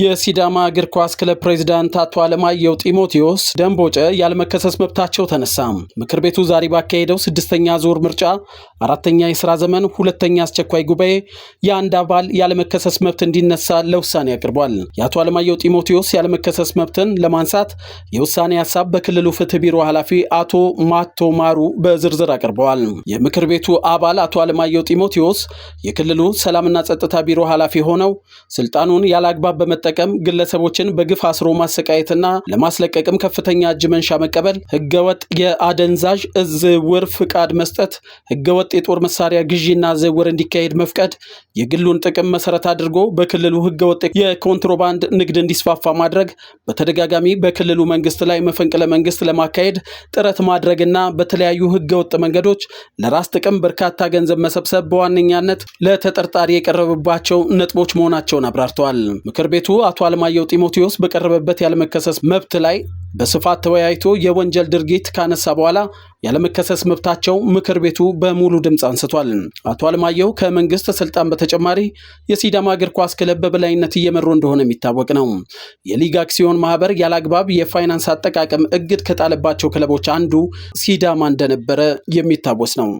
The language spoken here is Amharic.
የሲዳማ እግር ኳስ ክለብ ፕሬዚዳንት አቶ አለማየሁ ጢሞቴዎስ ደንቦጨ ያለመከሰስ መብታቸው ተነሳ። ምክር ቤቱ ዛሬ ባካሄደው ስድስተኛ ዙር ምርጫ አራተኛ የስራ ዘመን ሁለተኛ አስቸኳይ ጉባኤ የአንድ አባል ያለመከሰስ መብት እንዲነሳ ለውሳኔ አቅርቧል። የአቶ አለማየሁ ጢሞቴዎስ ያለመከሰስ መብትን ለማንሳት የውሳኔ ሀሳብ በክልሉ ፍትህ ቢሮ ኃላፊ አቶ ማቶ ማሩ በዝርዝር አቅርበዋል። የምክር ቤቱ አባል አቶ አለማየሁ ጢሞቴዎስ የክልሉ ሰላምና ጸጥታ ቢሮ ኃላፊ ሆነው ስልጣኑን ያለ አግባብ በመጠ በመጠቀም ግለሰቦችን በግፍ አስሮ ማሰቃየትና ለማስለቀቅም ከፍተኛ እጅ መንሻ መቀበል፣ ህገወጥ የአደንዛዥ ዝውውር ፍቃድ መስጠት፣ ህገወጥ የጦር መሳሪያ ግዢና ዝውውር እንዲካሄድ መፍቀድ፣ የግሉን ጥቅም መሰረት አድርጎ በክልሉ ህገወጥ የኮንትሮባንድ ንግድ እንዲስፋፋ ማድረግ፣ በተደጋጋሚ በክልሉ መንግስት ላይ መፈንቅለ መንግስት ለማካሄድ ጥረት ማድረግና በተለያዩ ህገወጥ መንገዶች ለራስ ጥቅም በርካታ ገንዘብ መሰብሰብ በዋነኛነት ለተጠርጣሪ የቀረበባቸው ነጥቦች መሆናቸውን አብራርተዋል። ምክር ቤቱ አቶ አለማየሁ ጢሞቴዎስ በቀረበበት ያለመከሰስ መብት ላይ በስፋት ተወያይቶ የወንጀል ድርጊት ካነሳ በኋላ ያለመከሰስ መብታቸው ምክር ቤቱ በሙሉ ድምፅ አንስቷል። አቶ አለማየሁ ከመንግስት ስልጣን በተጨማሪ የሲዳማ እግር ኳስ ክለብ በበላይነት እየመሩ እንደሆነ የሚታወቅ ነው። የሊግ አክሲዮን ማህበር ያለአግባብ የፋይናንስ አጠቃቀም እግድ ከጣለባቸው ክለቦች አንዱ ሲዳማ እንደነበረ የሚታወስ ነው።